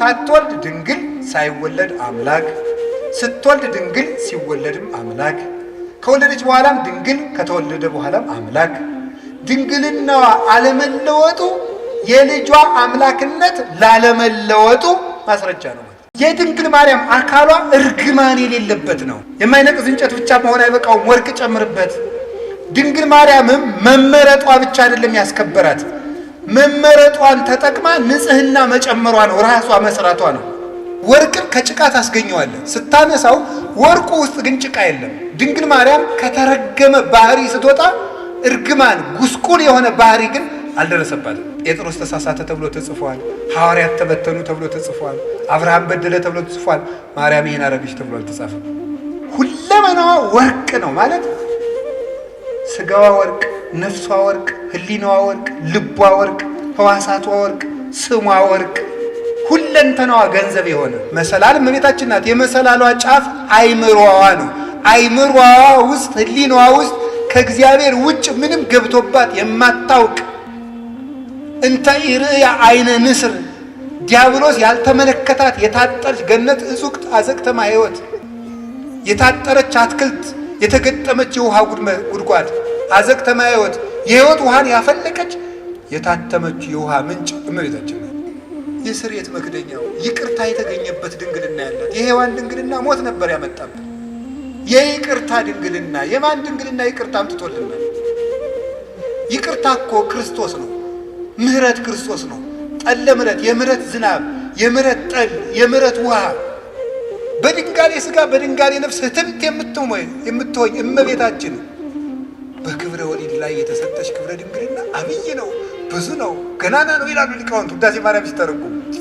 ሳትወልድ ድንግል ሳይወለድ አምላክ፣ ስትወልድ ድንግል ሲወለድም አምላክ፣ ከወለደች በኋላም ድንግል ከተወለደ በኋላም አምላክ። ድንግልናዋ አለመለወጡ የልጇ አምላክነት ላለመለወጡ ማስረጃ ነው። የድንግል ማርያም አካሏ እርግማን የሌለበት ነው። የማይነቅዝ እንጨት ብቻ መሆን አይበቃውም፣ ወርቅ ጨምርበት። ድንግል ማርያምም መመረጧ ብቻ አይደለም ያስከበራት መመረጧን ተጠቅማ ንጽህና መጨመሯ ነው፣ ራሷ መስራቷ ነው። ወርቅን ከጭቃ ታስገኘዋለን። ስታነሳው ወርቁ ውስጥ ግን ጭቃ የለም። ድንግል ማርያም ከተረገመ ባህሪ ስትወጣ እርግማን ጉስቁል የሆነ ባህሪ ግን አልደረሰባትም። ጴጥሮስ ተሳሳተ ተብሎ ተጽፏል። ሐዋርያት ተበተኑ ተብሎ ተጽፏል። አብርሃም በደለ ተብሎ ተጽፏል። ማርያም ይህን አረገች ተብሎ አልተጻፈም። ሁለመናዋ ወርቅ ነው ማለት ስጋዋ ወርቅ፣ ነፍሷ ወርቅ ህሊናዋ ወርቅ፣ ልቧ ወርቅ፣ ህዋሳቷ ወርቅ፣ ስሟ ወርቅ፣ ሁለንተናዋ ገንዘብ የሆነ መሰላል እመቤታችን ናት። የመሰላሏ ጫፍ አይምሯዋ ነው። አይምሯዋ ውስጥ ህሊናዋ ውስጥ ከእግዚአብሔር ውጭ ምንም ገብቶባት የማታውቅ እንተ ኢርእያ አይነ ንስር ዲያብሎስ ያልተመለከታት የታጠረች ገነት እጹቅት አዘቅተማ ህይወት የታጠረች አትክልት የተገጠመች የውሃ ጉድጓድ አዘቅተማ ህይወት የህይወት ውሃን ያፈለቀች የታተመች የውሃ ምንጭ እመቤታችን ነው። የስርየት መክደኛው ይቅርታ የተገኘበት ድንግልና ያላት የሔዋን ድንግልና ሞት ነበር ያመጣብን። የይቅርታ ድንግልና የማን ድንግልና ይቅርታ አምጥቶልናል? ይቅርታ እኮ ክርስቶስ ነው። ምህረት ክርስቶስ ነው። ጠለ ምረት፣ የምረት ዝናብ፣ የምረት ጠል፣ የምረት ውሃ በድንጋሌ ስጋ በድንጋሌ ነፍስ ህትምት የምትሆኝ እመቤታችን በክብረ ወሊድ ላይ የተሰጠች ክብረ ድንግልና አብይ ነው፣ ብዙ ነው፣ ገናና ነው ይላሉ ሊቃውንቱ ውዳሴ ማርያም ሲተረጉሙ